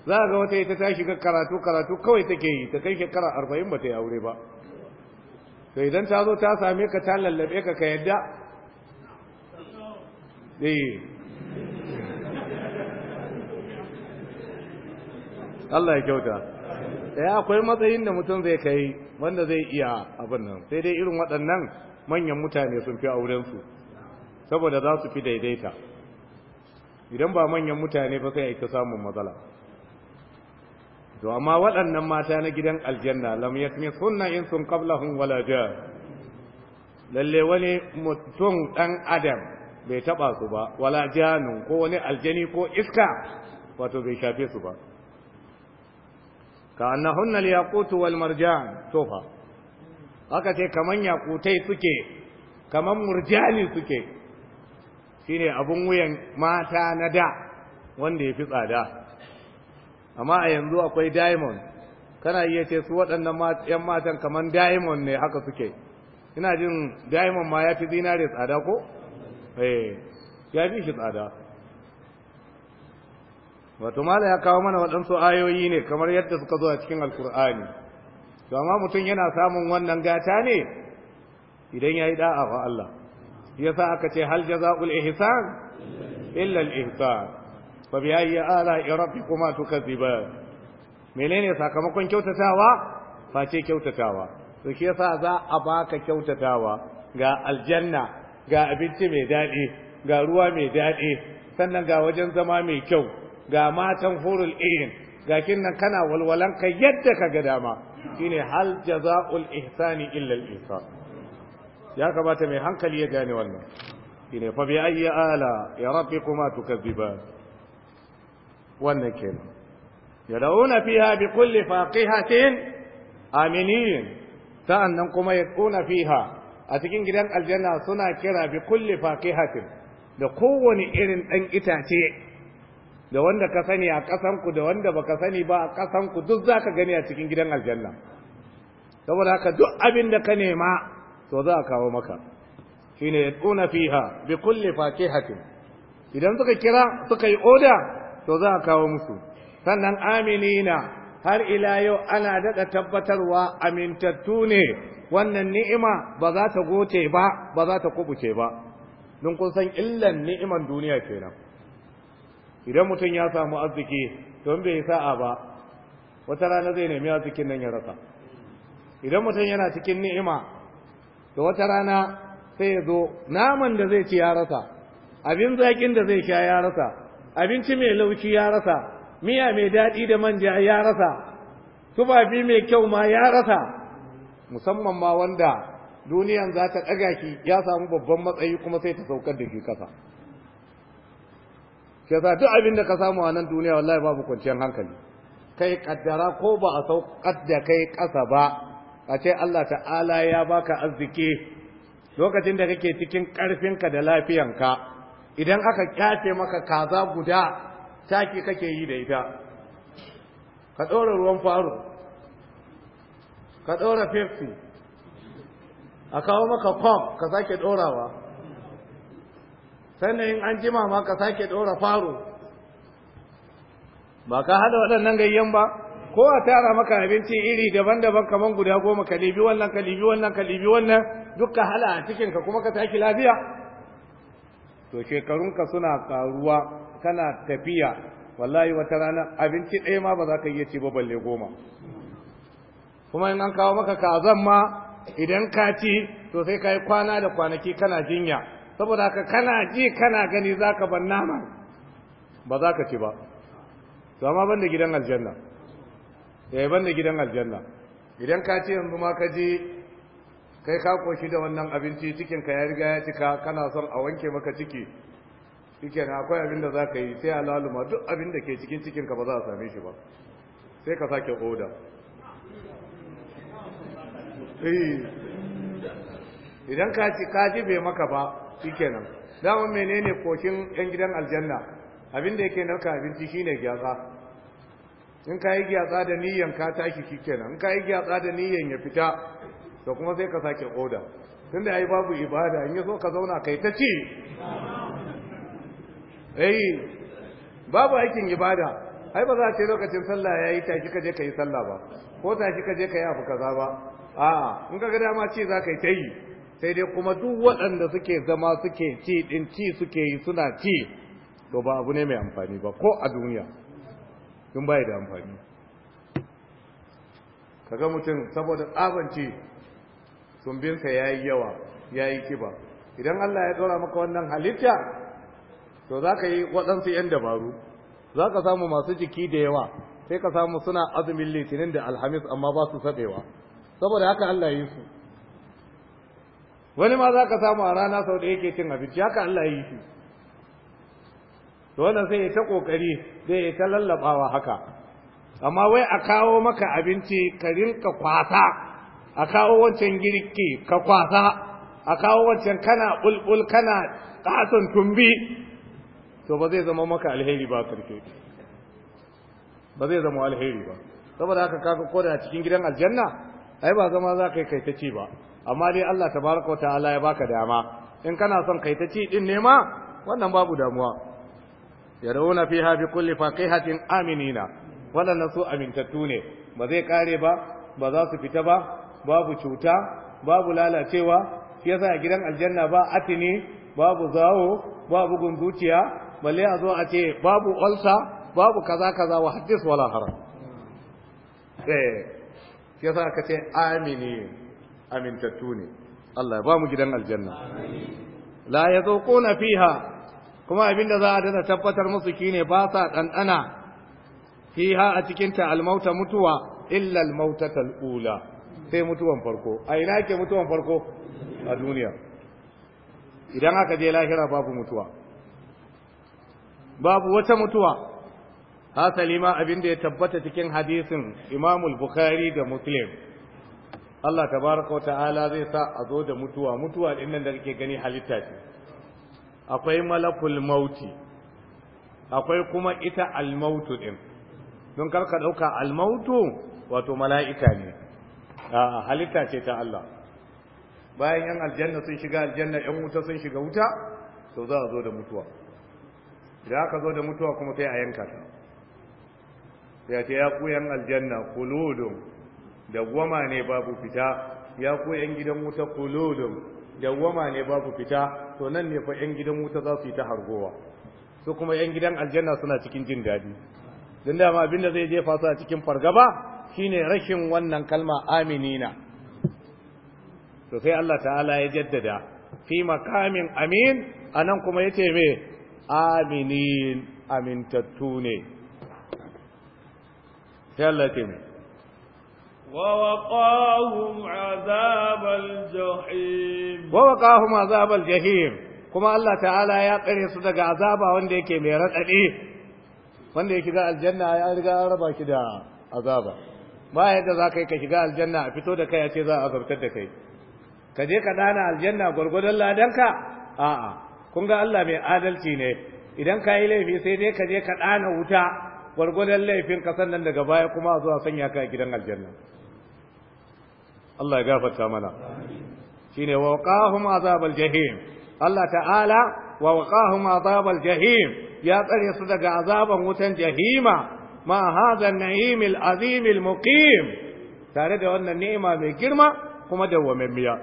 za a ga wata ita ta shiga karatu karatu kawai take yi ta kai shekara arba'in ba ta yi aure ba to idan ta zo ta same ka ta lallabe ka ka yadda eh. Allah ya kyauta ya eh, akwai matsayin da mutum zai kai wanda zai iya abin nan sai dai irin waɗannan manyan mutane sun fi aurensu saboda za su fi daidaita idan ba manyan mutane ba sai a yi samun matsala to amma waɗannan mata na gidan aljanna lam yasmi sunna in sun qablahum wala ja lalle wani mutum dan adam bai taba su ba wala janun ko wani aljani ko iska wato bai shafe su ba ka annahunna al-yaqut wal marjan tofa haka ce kaman yaqutai suke kaman murjani suke shine abun wuyan mata na da wanda ya fi tsada amma a yanzu akwai diamond kana iya ce su waɗannan ‘yan matan kamar diamond ne haka suke ina jin diamond ma ya fi zinare tsada ko? Eh, ya fi shi tsada wato mala ya kawo mana waɗansu ayoyi ne kamar yadda suka zo a cikin alkur'ani to amma mutum yana samun wannan gata ne idan ya yi da'a wa Allah yasa aka ce hal jaza'ul ihsan illa al ihsan fa bi ayyi ala'i rabbikuma tukadziban menene sakamakon kyautatawa face kyautatawa to shi yasa za a baka kyautatawa ga aljanna ga abinci mai daɗi ga ruwa mai daɗi sannan ga wajen zama mai kyau ga matan hurul irin ga kinnan kana walwalan ka yadda ka ga dama shine hal jaza'ul ihsani illa al ihsan ya kamata mai hankali ya gane wannan shi ne fabi ala ya rabbikuma tukazziban wannan kenan yad'una fiha bi kulli faqihatin aminin sa'annan kuma ya yakuna fiha a cikin gidan aljanna suna kira bi kulli faqihatin da kowane irin ɗan itace da wanda ka sani a ƙasanku da wanda baka sani ba a ƙasanku duk zaka gani a cikin gidan aljanna saboda haka duk abin da ka nema to za a kawo maka Shi ne ya fiha bi fake hakin. idan suka kira suka yi oda to za a kawo musu sannan aminina har ila yau ana daga tabbatarwa amintattu ne wannan ni'ima ba za ta goce ba ba za ta kubuce ba don kun san illan ni'iman duniya kenan idan mutum ya samu arziki don bai sa'a ba wata rana zai nemi arzikin nan ya rasa idan mutum yana cikin ni'ima da wata rana sai ya zo naman da zai ci ya rasa abin zakin da zai sha ya rasa abinci mai laushi ya rasa miya mai daɗi da manja ya rasa tufafi mai kyau ma ya rasa musamman ma wanda duniyan za ta ɗaga shi ya samu babban matsayi kuma sai ta saukar da shi kasa ke sa duk abin da ka samu a nan duniya wallahi babu kwanciyar hankali kai kaddara ko ba a saukar da kai ƙasa ba a ce Allah ta'ala ya baka arziki lokacin da kake cikin ƙarfinka da lafiyanka idan aka kyace maka kaza guda taki kake yi da ita ka ɗora ruwan faru, ka ɗora pepsi a kawo maka pop ka sake ɗorawa sannan in an jima ma ka sake ɗora faru. ba ka haɗa waɗannan gayyan ba ko a tara maka abinci iri daban-daban kaman guda goma ka libi wannan ka libi wannan ka libi wannan dukka hala a cikin ka kuma ka tashi lafiya to shekarunka suna karuwa kana tafiya wallahi wata rana abinci ɗaya ma ba za ka iya ci ba balle goma kuma in an kawo maka kazan ma idan ka ci to sai ka yi kwana da kwanaki kana jinya saboda ka kana ji kana gani za ka ban nama ba za ka ci ba to amma ban da gidan aljanna ya eh, yi banda gidan aljanna idan ka ce yanzu ma ka je kai ka koshi da wannan abinci cikin ka ya riga ya cika kana son a wanke maka ciki cikin akwai abin da za ka yi sai a laluma duk abin da ke cikin cikin ka ba za a same shi ba sai ka sake oda eh. idan ka ci ka ji bai maka ba shike nan dama menene koshin yan gidan aljanna abin da yake narka abinci shine gyaza in ka yi gyatsa da niyan ka tashi shikenan in ka yi gyatsa da niyan ya fita to kuma sai ka sake oda tunda yi babu ibada in so ka zauna kai ta ci eh babu aikin ibada ai ba za a ce lokacin sallah yayi tashi ka je kai sallah ba ko tashi ka je yi abu kaza ba a'a in ka ga dama ce za ka yi ta yi sai dai kuma duk waɗanda suke zama suke ci ɗin ci suke yi suna ci to ba abu ne mai amfani ba ko a duniya tun bai da amfani kaga mutum saboda tsabanci tumbinsa ya yi yawa ya yi kiba idan Allah ya tsora maka wannan halitta to za ka yi waɗansu 'yan dabaru za ka samu masu jiki da yawa sai ka samu suna azumin litinin da alhamis amma ba su saɓewa saboda haka Allah ya yi su wani ma za ka samu a rana sau da yake cin abinci haka Allah ya yi shi to wannan sai ya ta kokari zai ya ta lallabawa haka amma wai a kawo maka abinci ka rinka kwasa a kawo wancan girki ka kwasa a kawo wancan kana bulbul kana katon tumbi to ba zai zama maka alheri ba karfe ba zai zama alheri ba saboda haka kaga koda da cikin gidan aljanna ai ba zama za ka yi kaitaci ba amma dai Allah tabaraka wa ta'ala ya baka dama in kana son kaitaci ɗin din ne ma wannan babu damuwa yarawuna fiha fi kulli faqihatin aminina wadannan su amintattu ne ba zai kare ba ba za su fita ba babu cuta babu lalacewa shi yasa a gidan aljanna ba atini babu zawo babu gunguciya balle a zo a ce babu ulsa babu kaza kaza wa hadis wala haram eh shi yasa aka ce amini amintattu ne Allah ya ba mu gidan aljanna la yazuquna fiha kuma abin da za a dana tabbatar musu shine ba sa ɗanɗana fiha a cikinta almauta mutuwa illa almautatal tal'ula, sai mutuwan farko a ina ke mutuwan farko a duniya idan aka je lahira babu mutuwa babu wata mutuwa hasali ma abin da ya tabbata cikin hadisin imamul bukhari da muslim Allah tabaraka wa ta'ala zai sa a zo da mutuwa mutuwa din nan da kake gani halitta ce akwai malakul mauti akwai kuma ita almautu din don karka dauka almautu wato mala'ika ne a halitta ce ta Allah bayan yan aljanna sun shiga aljanna yan wuta sun shiga wuta to za a zo da mutuwa da aka zo da mutuwa kuma sai a yanka ta ya ce ya ku yan aljanna kuludum da gwama ne babu fita ya ku yan gidan wuta kuludum da gwama ne babu fita to nan ne fa yan gidan wuta za su yi ta hargowa su kuma yan gidan aljanna suna cikin jin daɗi don dama abin da zai jefa su a cikin fargaba shine rashin wannan kalma aminina to sai Allah ta'ala ya jaddada fi makamin amin anan kuma yace me aminin amintattu ne sai Allah ya ce ووقاهم عذاب الجحيم ووقاهم عذاب الجحيم kuma Allah ta'ala ya tsare su daga azaba wanda yake mai raɗaɗe wanda ya shiga aljanna ya raba ki da azaba ba yadda za ka yi ka shiga aljanna a fito da kai a ce za a azabtar da kai ka je ka dana aljanna gwargwadon ladanka a'a kun ga Allah mai adalci ne idan ka yi laifi sai dai ka je ka dana wuta gwargwadon laifin ka sannan daga baya kuma a zuwa sanya ka a gidan aljanna Allah ya gafarta mana shine wa waqahum azabal jahim Allah ta'ala wa waqahum azabal jahim ya tsare su daga azaban wutan jahima ma hadha an-na'im al-azim al-muqim tare da wannan ni'ima mai girma kuma dawwamammiya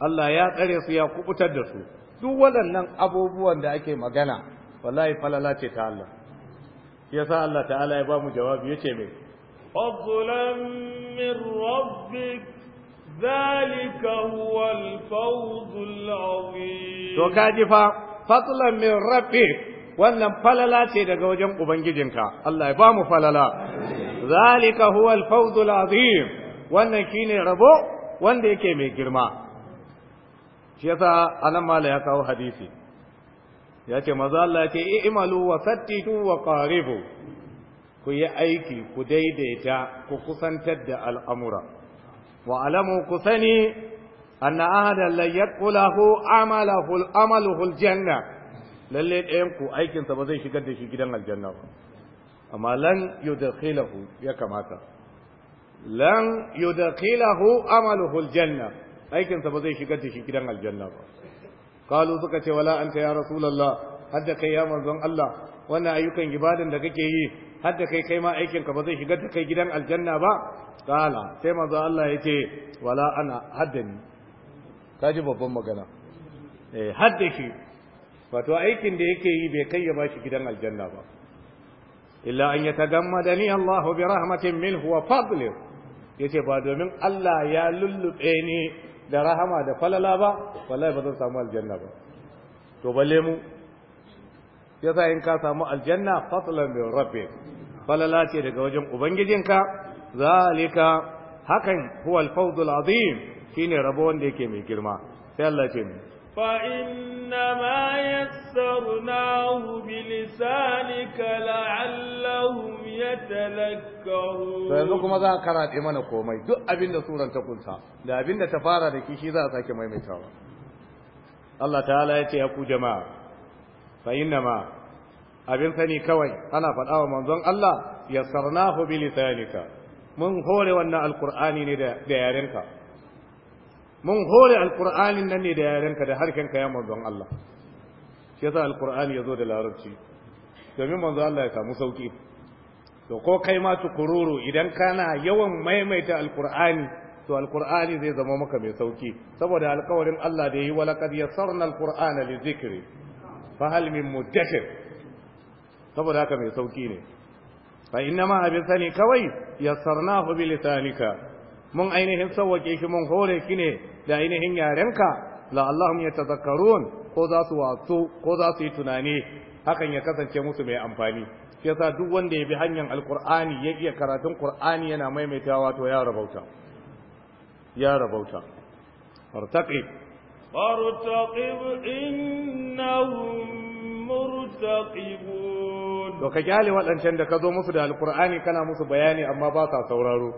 Allah ya tsare su ya kubutar da su duk waɗannan abubuwan da ake magana wallahi falala ce ta Allah yasa Allah ta'ala ya ba mu jawabi yace me fadlan min rabbik ذلك هو الفوز العظيم to kaji fa fatlan min rabbik wannan falala ce daga wajen ubangijin ka. Allah ya bamu falala zalika huwa al-fawz al-azim wannan rabo wanda yake mai girma shi yasa anan ya kawo hadisi ya ce maza Allah ce i'malu wa sattitu wa qaribu ku yi aiki ku daidaita ku kusantar da al'amura وألموا كثني أن أهدا لن يدخله عمله الأمله الجنة للي أيمكو أي كنت بزي شقد شي كده الجنة أما لن يدخله يا كماتا لن يدخله عمله الجنة أي كنت بزي شقد شي كده الجنة قالوا سكت ولا أنت يا رسول الله هدك يا مرزون الله وانا أيكن عبادا لكي har da kai kai ma aikin ka ba zai shigar da kai gidan aljanna ba qala sai manzo Allah yace wala ana haddani ji babban magana eh hadda shi wato aikin da yake yi bai kai ya bashi gidan aljanna ba illa an yatagammadani Allah bi rahmatin minhu wa fadli yace ba domin Allah ya lullube ni da rahama da falala ba wallahi ba zan samu aljanna ba to balle mu yasa in ka samu aljanna fadlan min rabbik falala ce daga wajen ubangijinka zalika hakan leka hakan fawz al-azim shine rabo wanda yake mai girma sai Allah ce mu fa inna ma yassarnahu bi yanzu kuma za a karaɗe mana komai duk abinda suran ta kunsa da abinda ta fara da kishi za a sake maimaitawa Allah ta'ala ya ce ya ku jama'a fa ma abin sani kawai ana faɗa wa manzon Allah yassarnahu bi lisanika mun hore wannan alqur'ani ne da yarenka mun hore alqur'anin nan ne da yarenka da harkenka ya manzon Allah shi yasa alqur'ani yazo da larabci domin manzon Allah ya samu sauki to ko kai ma tukururu idan kana yawan maimaita alqur'ani to alqur'ani zai zama maka mai sauki saboda alkawarin Allah da yi wa laqad yassarna alqur'ana lizikri fa hal min mudakkir saboda haka mai sauki ne fa inna ma abin sani kawai yassarnahu bi lisanika mun ainihin sawwake shi mun hore shi ne da ainihin yarenka la allahum yatazakkarun ko za su wato ko za su yi tunani hakan ya kasance musu mai amfani shi yasa duk wanda ya bi hanyar alqur'ani ya iya karatun qur'ani yana maimaitawa to ya rabauta ya rabauta fartaqib fartaqib innahum murtaqibun to ka kyale waɗancan da ka zo musu da alkur'ani kana musu bayani amma ba sa sauraro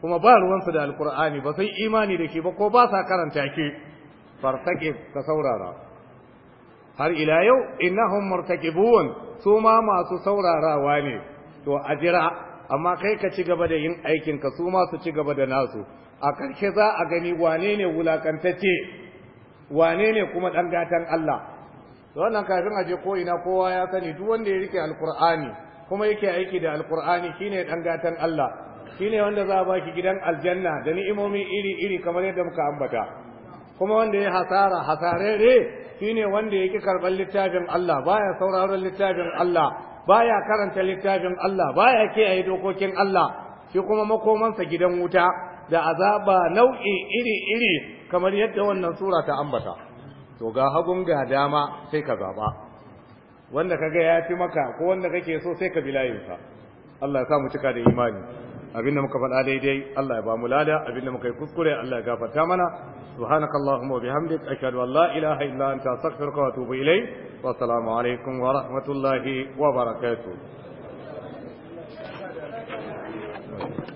kuma ba ruwansu da alkur'ani ba sai imani da ke ba ko ba sa karanta ke fartake ka saurara har ila yau innahum murtakibun su ma masu saurarawa ne to a jira amma kai ka ci gaba da yin aikin ka su ma su ci gaba da nasu a karshe za a gani wane ne wulakantacce wane ne kuma ɗan gatan Allah da wannan kafin a je ko ina kowa ya sani duk wanda ya rike alkur'ani kuma yake aiki da alkur'ani shine dan gatan Allah shine wanda za a baki gidan aljanna da ni'imomi iri iri kamar yadda muka ambata kuma wanda ya hasara hasarere shine wanda yake karban littafin Allah baya sauraron littafin Allah baya karanta littafin Allah baya kiyaye dokokin Allah shi kuma makomansa gidan wuta da azaba nau'i iri iri kamar yadda wannan sura ta ambata to ga hagun ga dama sai ka zaba wanda kaga ya fi maka ko wanda kake so sai ka bi layinsa Allah ya sa mu cika da imani abinda muka faɗa daidai Allah ya ba mu lada abinda muka yi kuskure Allah ya gafarta mana subhanakallahumma wa bihamdik ashhadu an la ilaha illa anta astaghfiruka wa atubu ilayk wa assalamu alaikum wa rahmatullahi wa barakatuh